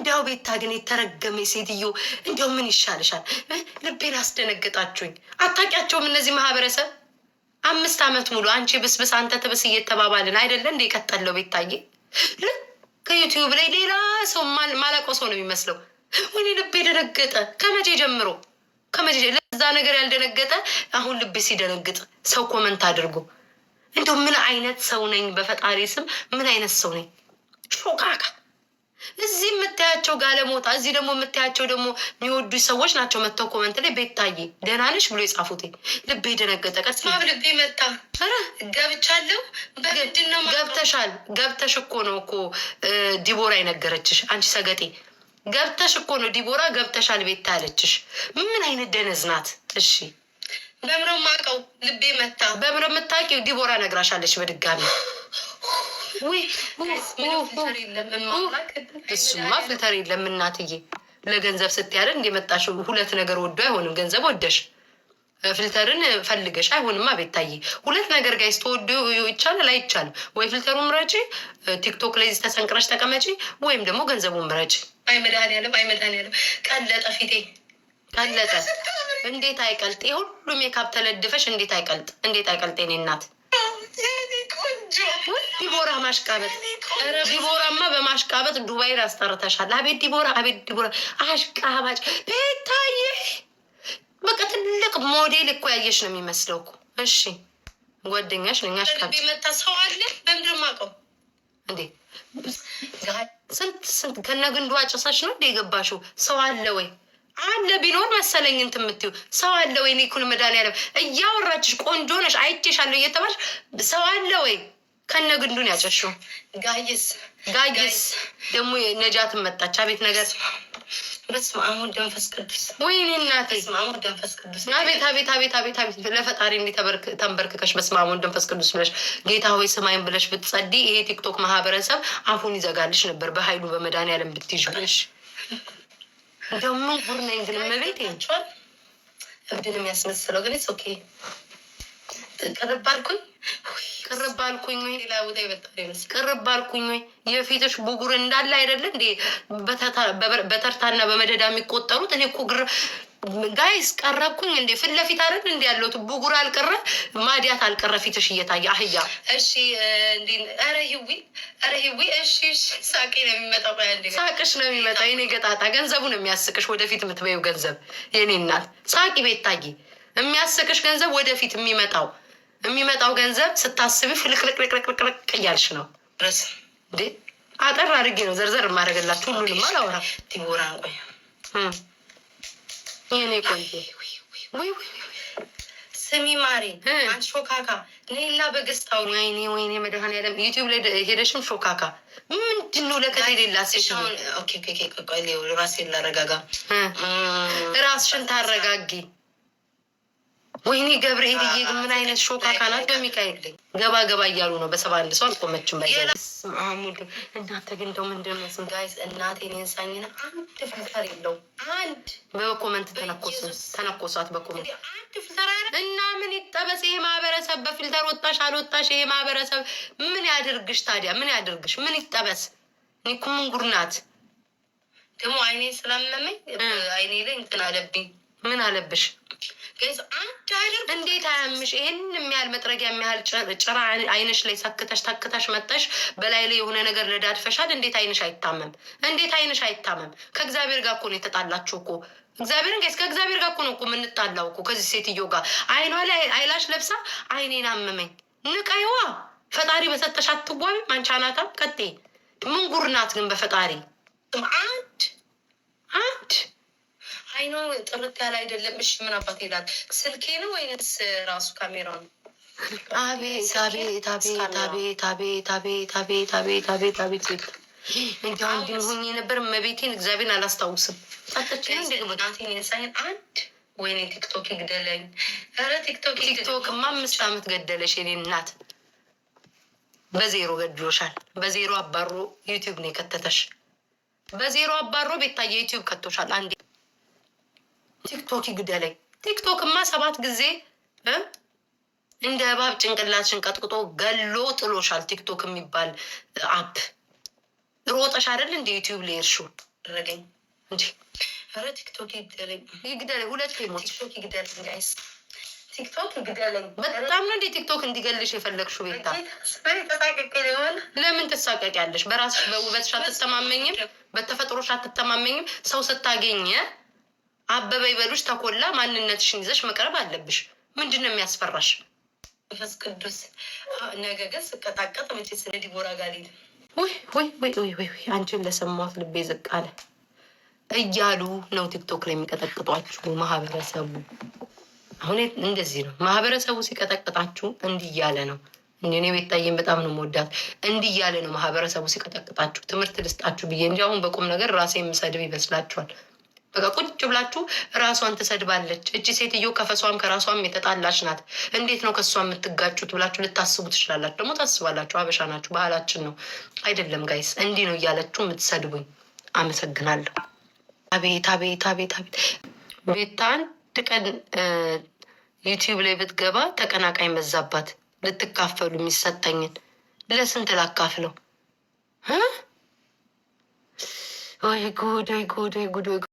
እንዲያው ቤታ ግን የተረገመ ሴትዮ እንዲያው ምን ይሻልሻል? ልቤን አስደነግጣችሁኝ። አታውቂያቸውም እነዚህ ማህበረሰብ አምስት ዓመት ሙሉ አንቺ ብስብስ አንተ ትብስ እየተባባልን አይደለ እንደ የቀጠለው ቤታዬ ከዩቲዩብ ላይ ሌላ ሰው ማላውቀው ሰው ነው የሚመስለው። ወይኔ ልቤ ደነገጠ። ከመቼ ጀምሮ ከመቼ ለዛ ነገር ያልደነገጠ አሁን ልቤ ሲደነግጥ ሰው ኮመንት አድርጎ እንደው ምን አይነት ሰው ነኝ? በፈጣሪ ስም ምን አይነት ሰው ነኝ? ሾቃካ እዚህ የምታያቸው ጋለሞታ እዚህ ደግሞ የምታያቸው ደግሞ የሚወዱ ሰዎች ናቸው። መተው ኮመንት ላይ ቤታዬ ደህና ነሽ ብሎ የጻፉት ልቤ ደነገጠ። ቀጥ ልቤ መጣ። ገብቻለሁ። ገብተሻል። ገብተሽ እኮ ነው እኮ ዲቦራ የነገረችሽ አንቺ ሰገጤ ገብተሽ እኮ ነው ዲቦራ ገብተሻል ቤታ አለችሽ። ምን አይነት ደነዝ ናት? እሺ በምረው ማቀው ልቤ መታ። በምረው የምታውቂው ዲቦራ ነግራሻለች በድጋሚ እሱማ ፍልተር የለም እናትዬ። ለገንዘብ ስትያደር እንደመጣሽ ሁለት ነገር ወዶ አይሆንም። ገንዘብ ወደሽ ፍልተርን ፈልገሽ አይሆንማ። ቤታዬ ሁለት ነገር ጋይስ ተወዶ ይቻላል አይቻልም? ወይ ፍልተሩ ምረጪ፣ ቲክቶክ ላይ ተሰንቅረሽ ተቀመጪ፣ ወይም ደግሞ ገንዘቡ ምረጪ። አይ መድኃኒዓለም፣ አይ መድኃኒዓለም ቀለጠ ፊቴ ቀለጠ። እንዴት አይቀልጥ? ሁሉም የካብ ተለድፈሽ እንዴት አይቀልጥ? እንዴት አይቀልጥ? የኔ እናት ዲቦራ ማሽቃበጥ፣ ዲቦራማ በማሽቃበጥ ዱባይ አስጠርተሻል። አቤት ዲቦራ፣ አቤት ዲቦራ አሽቃባጭ። ቤታዬ በቃ ትልቅ ሞዴል እኮ ያየሽ ነው የሚመስለው እኮ። እሺ ጓደኛሽ ነኝ። አሽቃባጭ መጣ ሰው አለ በምድርማቀው እንዴ ስንት ስንት ከነ ግንዱ አጭሳሽ ነው እንደ የገባሽው። ሰው አለ ወይ አለ ቢኖር መሰለኝ እንትን የምትይው ሰው አለ ወይ? እኔ እኮ መድኃኒዓለም እያወራችሽ ቆንጆ ነሽ አይቼሻለሁ እየተባልሽ ሰው አለ ወይ? ከነ ግንዱን ያጨሽው ጋይስ ጋይስ ደግሞ ነጃት መጣች። አቤት ነገር በስመ አብ ወወልድ ወመንፈስ ቅዱስ። ወይኔ እናቴ አቤት አቤት አቤት አቤት አቤት ለፈጣሪ እንዲህ ተንበርክከሽ በስመ አብ ወወልድ ወመንፈስ ቅዱስ ብለሽ ጌታ ሆይ ስማይን ብለሽ ብትጸዲ ይሄ ቲክቶክ ማህበረሰብ አፉን ይዘጋልሽ ነበር። በኃይሉ በመድኃኒዓለም ብትይዥብሽ ደግሞ ነኝ ግን መቤት ይቸዋል እብድን የሚያስመስለው ግን ኦኬ ቅርብ አልኩኝ ቅርብ አልኩኝ ወይ ሌላ ቦታ ይበልጣል ይመስል ቅርብ አልኩኝ ወይ የፊትሽ ቡጉር እንዳለ አይደለ እንዴ? በተርታና በመደዳ የሚቆጠሩት እኔ እኮ ግር ጋይስ ቀረብኩኝ እንዴ? ፊት ለፊት አይደል እንዲ ያለሁት ቡጉር አልቀረ ማዲያት አልቀረ ፊትሽ እየታየ አህያ። እሺ ኧረ ህዊ ኧረ ህዊ እሺ፣ ሳቄ ነው የሚመጣው፣ ሳቅሽ ነው የሚመጣ የኔ ገጣጣ ገንዘቡ ነው የሚያስቅሽ፣ ወደፊት የምትበይው ገንዘብ የኔ እናት ሳቂ ቤት ታጊ የሚያስቅሽ ገንዘብ ወደፊት የሚመጣው የሚመጣው ገንዘብ ስታስብ ፍልቅልቅልቅልቅ እያልሽ ነው። እንዴ አጠር አድርጌ ነው ዘርዘር የማደርግላችሁ ሁሉንም አላወራም። ዲቦራን ቆይ ይሄኔ ቆይ ስሚ ማሪ አንቺ ሾካካ ሌላ በገዝታው ወይኔ ወይኔ መድኃኒዓለም ዩቲዩብ ላይ ሄደሽም ሾካካ ምንድን ነው ለከታ ሌላ ሴሽን ራሴን ላረጋጋ ራስሽን ታረጋጌ ወይኔ ገብርኤልዬ ግን ምን አይነት ሾካካ ናት! በሚካኤል ገባ ገባ እያሉ ነው። በሰባ አንድ ሰው አልቆመችም። ባይሙድ እናንተ ግን ደው ምንድን ነው ስም ጋይስ እናቴ ኔንሳኝና አንድ ፍልተር የለው አንድ በኮመንት ተነኮሳት በኮመንት እና ምን ይጠበስ ይሄ ማህበረሰብ። በፊልተር ወጣሽ አልወጣሽ ይሄ ማህበረሰብ ምን ያድርግሽ ታዲያ? ምን ያድርግሽ? ምን ይጠበስ? እኔ እኮ ደግሞ አይኔ ስላመመኝ አይኔ ላይ እንትን አለብኝ ምን አለብሽ እንዴት አያምሽ? ይህን የሚያህል መጥረጊያ የሚያህል ጭራ አይነሽ ላይ ሰክተሽ ተክተሽ መጠሽ በላይ ላይ የሆነ ነገር ልዳድፈሻል። እንዴት አይንሽ አይታመም? እንዴት አይንሽ አይታመም? ከእግዚአብሔር ጋር እኮ ነው የተጣላችሁ እኮ እግዚአብሔርን ገይዝ ከእግዚአብሔር ጋር እኮ ነው እኮ የምንጣላው እኮ ከዚህ ሴትዮ ጋር። አይኗ ላይ አይላሽ ለብሳ አይኔን አመመኝ። ንቀይዋ ፈጣሪ በሰጠሽ አትጓሚ አንቺ ቀጤ ምንጉርናት ግን በፈጣሪ አንድ አይኗ ጥርት ያለ አይደለም። እሺ ምን አባት ይላል? ስልኬ ነው ወይንስ ራሱ ካሜራ ነው? አቤት የነበር መቤቴን እግዚአብሔርን አላስታውስም። ወይኔ ቲክቶክ ይግደለኝ። ቲክቶክ አምስት ገደለሽ የኔ እናት። በዜሮ ገድሎሻል። በዜሮ አባሮ ዩቲዩብ ነው የከተተሽ። በዜሮ አባሮ ቤታየ ዩቲዩብ ከቶሻል። አንዴ ቲክቶክ ይግደለኝ። ቲክቶክማ ሰባት ጊዜ እንደ እባብ ጭንቅላትሽን ቀጥቅጦ ገሎ ጥሎሻል። ቲክቶክ የሚባል አፕ ሮጠሽ አይደል እንደ ዩቲዩብ ሌርሹ ደረገኝ እንጂ ኧረ ቲክቶክ ይግደለኝ፣ ይግደለኝ። ሁለት ቲክቶክ ይግደለኝ ጋይስ ቲክቶክ ይግደለኝ። በጣም ነው እንዴ ቲክቶክ እንዲገልሽ የፈለግሽው? ቤታ ለምን ትሳቀቂያለሽ? በራስሽ በውበትሽ አትተማመኝም? በተፈጥሮሽ አትተማመኝም? ሰው ስታገኘ አበበ ይበሉሽ ተኮላ ማንነትሽን ይዘሽ መቅረብ አለብሽ። ምንድን ነው የሚያስፈራሽ? መንፈስ ቅዱስ ነገ ግን ስቀጣቀጥ መቼ ስለ ዲቦራ ጋር ሄድ ወይ ወይ ወይ ወይ ወይ አንቺም ለሰማት ልቤ ዝቅ አለ እያሉ ነው ቲክቶክ ላይ የሚቀጠቅጧችሁ ማህበረሰቡ። አሁን እንደዚህ ነው ማህበረሰቡ ሲቀጠቅጣችሁ እንዲህ እያለ ነው። እኔ ቤታዬን በጣም ነው መወዳት። እንዲህ እያለ ነው ማህበረሰቡ ሲቀጠቅጣችሁ ትምህርት ልስጣችሁ ብዬ እንጂ አሁን በቁም ነገር ራሴ የምሰድብ ይመስላችኋል? በቃ ቁጭ ብላችሁ ራሷን ትሰድባለች። እቺ ሴትዮ ከፈሷም ከራሷም የተጣላች ናት። እንዴት ነው ከእሷ የምትጋጩት ብላችሁ ልታስቡ ትችላላችሁ። ደግሞ ታስባላችሁ። አበሻ ናችሁ፣ ባህላችን ነው አይደለም ጋይስ። እንዲህ ነው እያለችሁ የምትሰድቡኝ። አመሰግናለሁ። አቤት አቤት አቤት አቤት። ቤታ አንድ ቀን ዩቲዩብ ላይ ብትገባ ተቀናቃኝ መዛባት። ልትካፈሉ የሚሰጠኝን ለስንት ላካፍለው? ወይ ጉድ ወይ ጉድ ወይ ጉድ